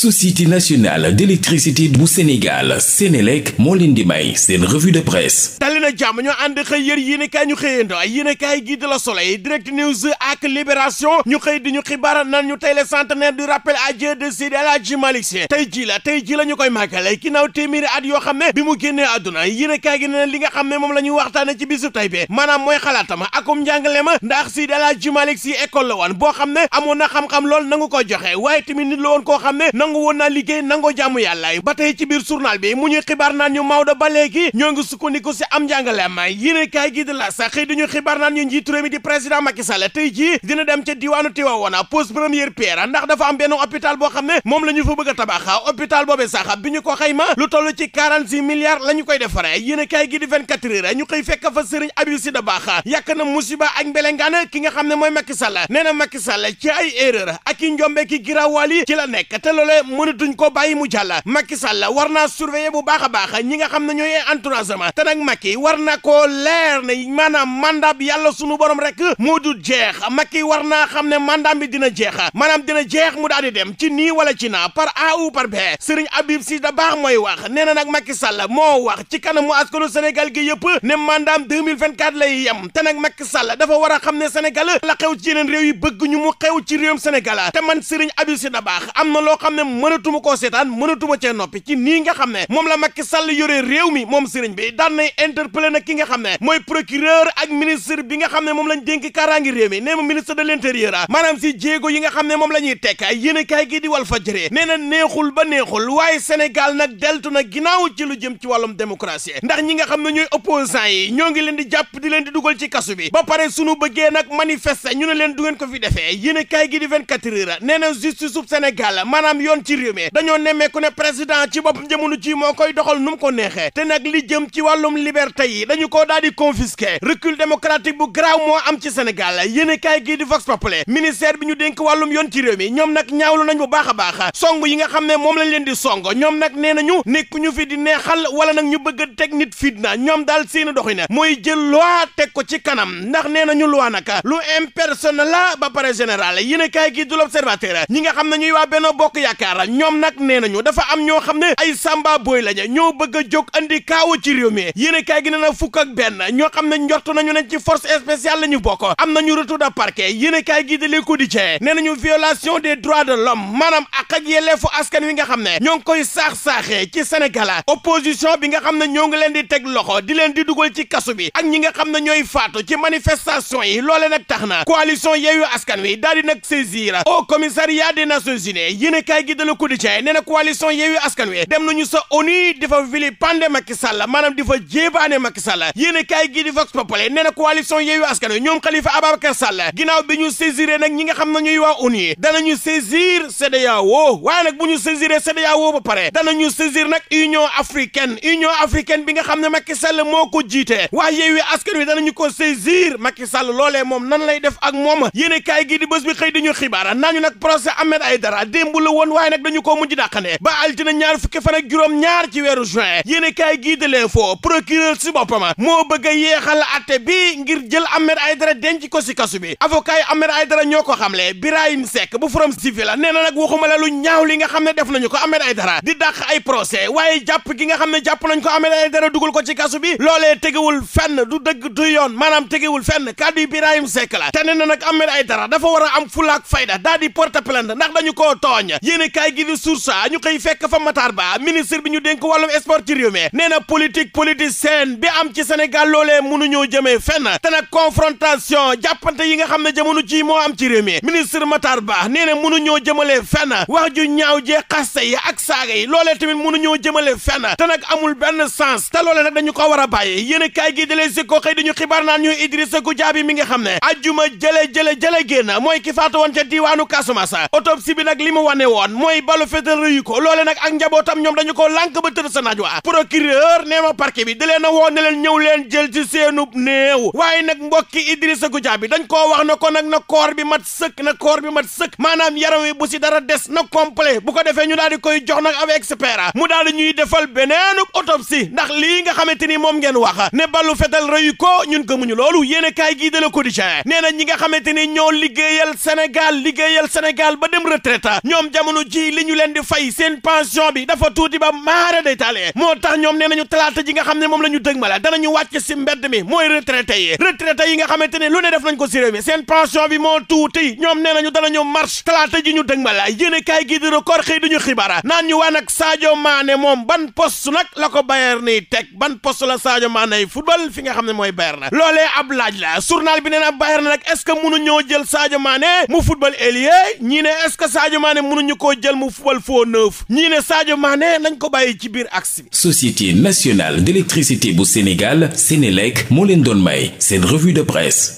société nationale d'électricité bu Sénégal Sénélec moo leen di may seen revue de presse dali na jàmm ñoo ànd xëy yër yéenekaay ñu xëyando yéenekaay gi de la Soleil Direct News ak Libération ñu xëy di ñu xibaar naan ñu tey le centenaire du rappel à Dieu de Seydi El Hadji Malick Sy tey ji la tey ji la ñu koy màggale ginnaaw téeméeri at yoo xam ne bi mu génnee àdduna yéenekaay gi ne li nga xam ne moom la ñu waxtaane ci bisu tey bi maanaam mooy xalaatama akum njàngale ma ndax Seydi El Hadji Malick Sy xam ne amoon na xam-xam lool nangu ko joxe waaye tamit nangu woon yàlla yi ba tey ci biir journal bi mu ñuy xibaar naan ñu Maodo ba léegi ñoo ngi sukkandiku si am njàngaleem yéene kaay gi di la sax xëy dañu xibaar naan ñu njiitu di président Macky Sall tey jii dina dem ca diwaanu Tivaouane pose première pierre ndax dafa am benn hôpital boo xam ne moom la ñu fa bëgg a tabax hôpital boobee sax bi ñu ko xayma lu toll ci quarante-six milliards la koy defaree yéene ne mooy ay erreur ak mënatuñ ko bàyyi mu jàll Macky Sall war naa surveiller bu baax a baax ñi nga xam ne ñooy entouragement te nag Macky war na koo leer ne maanaam mandat bi yàlla sunu borom rek moo dul jeex Macky war naa xam ne mandat bi dina jeex maanaam dina jeex mu daal di dem ci nii wala ci na par A ou par B Serigne Habib Sy da baax mooy wax nee na nag Macky Sall moo wax ci kanamu askanu Sénégal gi yëpp ne mandaam 2024 lay yem te nag Macky Sall dafa war a xam ne Sénégal la xew ci yeneen réew bëgg ñu mu xew ci réewum Sénégal te man Serigne Habib Sy da baax mënatuma koo seetaan mënatuma cee noppi ci nii nga xam ne moom la Macky Sall yore réew mi moom sëriñ bi daan nay interpellé ki nga xam ne mooy procureur ak ministre bi nga xam ne moom lañ dénk kaaraangi réew mi nee ministre de l'intérieur a si jéego yi nga xam moom la ñuy tekk yéene kaay gi di wal fa nee na neexul ba neexul waaye Sénégal nag deltu na ginnaaw ci lu jëm ci wàllum démocratie ndax ñi nga xam ne ñooy opposants yi ñoo ngi leen di jàpp di leen di dugal ci kasu bi ba pare sunu bëggee nag manifester ñu ne leen du ngeen ko fi defee yéene kaay gi di ci réew mi dañoo nemmeeku ne président ci bopp jamono ci moo koy doxal nu ko neexee te nag li jëm ci wàllum liberté yi dañu koo daal di confisqué recul démocratique bu garaaw moo am ci Sénégal yéen kaay gii di Vox Populi ministère bi ñu denk wàllum yoon ci réew mi ñoom nag ñaawlu nañ bu baax a baax song yi nga xam ne moom lañ leen di song ñoom nag nee nañu nekk ñu fi di neexal wala nag ñu bëgg a teg nit fitna ñoom daal seen doxina mooy jël loi teg ko ci kanam ndax nee nañu loi nag lu impersonnel la ba pare général yéen kaay gii du l'Observateur ñi nga xam ne ñuy waa Benno Bokk Yaakaar Dakar ñoom nag nee nañu dafa am ñoo xam ne ay samba boy lañu ñoo bëgg a jóg andi kaawa ci réew mi kaay gi nee na fukk ak ñoo xam ne njort nañu ne ci force spéciale la ñu bokk am nañu retour de parquet yéen kaay gi de Le Quotidien nee nañu violation des droits de l'homme maanaam ak ak yelleefu askan wi nga xam ne ñoo ngi koy saax-saaxee ci Sénégal opposition bi nga xam ne ñoo ngi leen di teg loxo di leen di dugal ci kasu bi ak ñi nga xam ne ñooy faatu ci manifestation yi loole nag tax na coalition Yewwi Askan Wi daal di nag saisir au commissariat des Nations Unies gi de Le Quotidien nee na coalition Yewwi Askan Wi dem nañu sa ONU di fa vilipender Macky Sall maanaam di fa jéebaane Macky Sall yéen kaay gi di Vox Populi nee na coalition ñu sa nag ñi nga xam ne ñuy waa ONU danañu saisir CEDEAO waaye nag bu ñu saisiré CEDEAO ba pare danañu saisir nag Union africaine Union africaine bi nga xam ne Macky Sall moo ko jiite waa Yewwi Askan Wi danañu ko saisir Macky Sall loolee moom nan lay def ak moom yéen kaay gi di bés bi xëy di ñu xibaar nañu nag procès Ahmed Aïdara démb la woon waaye nag dañu koo mujj dàqane ba altine ñaar fukki fan ak juróom ñaar ci weeru juin yéene kaay gii de l'info si boppam moo bëgg a yeexal atte ngir jël ay Aïdara denc ko si kasu bi avocat yi ay Aïdara ñoo ko xamle Birahim Seck bu forum civil ne nee na nag waxuma la lu ñaaw li nga xam ne def nañu ko Ahmed Aïdara di dàq ay procès waaye jàpp gi nga xam ne jàpp nañ ko Ahmed Aïdara dugal ko ci kasu bi loolee tegewul fenn du dëgg du yoon maanaam tegewul fenn kàddu Birahim Seck la te nee na nag Ahmed Aïdara a am fulaak fayda daal di porte plainte ndax dañu koo tooñ kaay gi di source ñu koy fekk fa Matar Ba ministre bi ñu dénk wàllum sport ci réew mi nee na politique politicienne bi am ci Sénégal loolee mënuñoo jëmee fenna te nag confrontation jàppante yi nga xam ne jamono ci moo am ci réew mi ministre Matar Ba nee na mënuñoo jëmale fenn wax ju ñaaw jee xaste yi ak saaga yi loolee tamit mënuñoo jëmale fenn te nag amul benn sens te loolee nag dañu ko war a bàyyi yéen kaay gi dalee si ko xëy dañu xibaar naan ñu Idrissa Goudiaby mi nga xam ne ajjuma jële jële jële génn mooy ki faatu woon ca diiwaanu Casamance autopsie bi nag li mu wane woon mooy balu fetal rëyu ko loole nag ak njabootam ñoom dañu ko lànk ba tëdd sa naaj waa procureur nee ma parquet bi da leen a woo ne leen ñëw leen jël ci seenub néew waaye nag mbokki Idrissa Goudiaby dañ koo wax na ko nag na koor bi mat sëkk na koor bi mat sëkk maanaam yaram wi bu si dara des na complet bu ko defee ñu daal di koy jox nag avec expert mu daal di ñuy defal beneenub autopsie ndax lii nga xamante ni moom ngeen wax ne balu fetal rëyu ko ñun ko muñu loolu yéen kaay gii de la quotidien nee na ñi nga xamante ni ñoo liggéeyal Sénégal liggéeyal Sénégal ba dem retraite ñoom jamono ji li ñu leen di fay seen pension bi dafa tuuti ba maara taale moo tax ñoom nee ñu talaata ji nga xam ne moom la ñu dëg ma la danañu wàcc si mbedd mi mooy retraité yi retraité yi nga xamante ne lu ne def nañ ko si réew mi seen pension bi moo tuuti ñoom nee nañu danañu marche talaata ji ñu dëg ma la yéene kaay gi di record xëy naan ñu waa nag Sadio moom ban poste nag la ko Bayern ni teg ban poste la Sadio Mané football fi nga xam ne mooy Bayern loolee ab la journal bi na Bayern nag est-ce que mënu ñoo jël Sadio Mané mu football ailier ñii ne est-ce que Sadio Mané mënuñu koo jël mu fubal foo neuf ñii ne Sadio Mané nañ ko bàyyi ci biir axe bi. Société nationale d'électricité bu Sénégal Sénélec moo leen doon may seen revue de presse.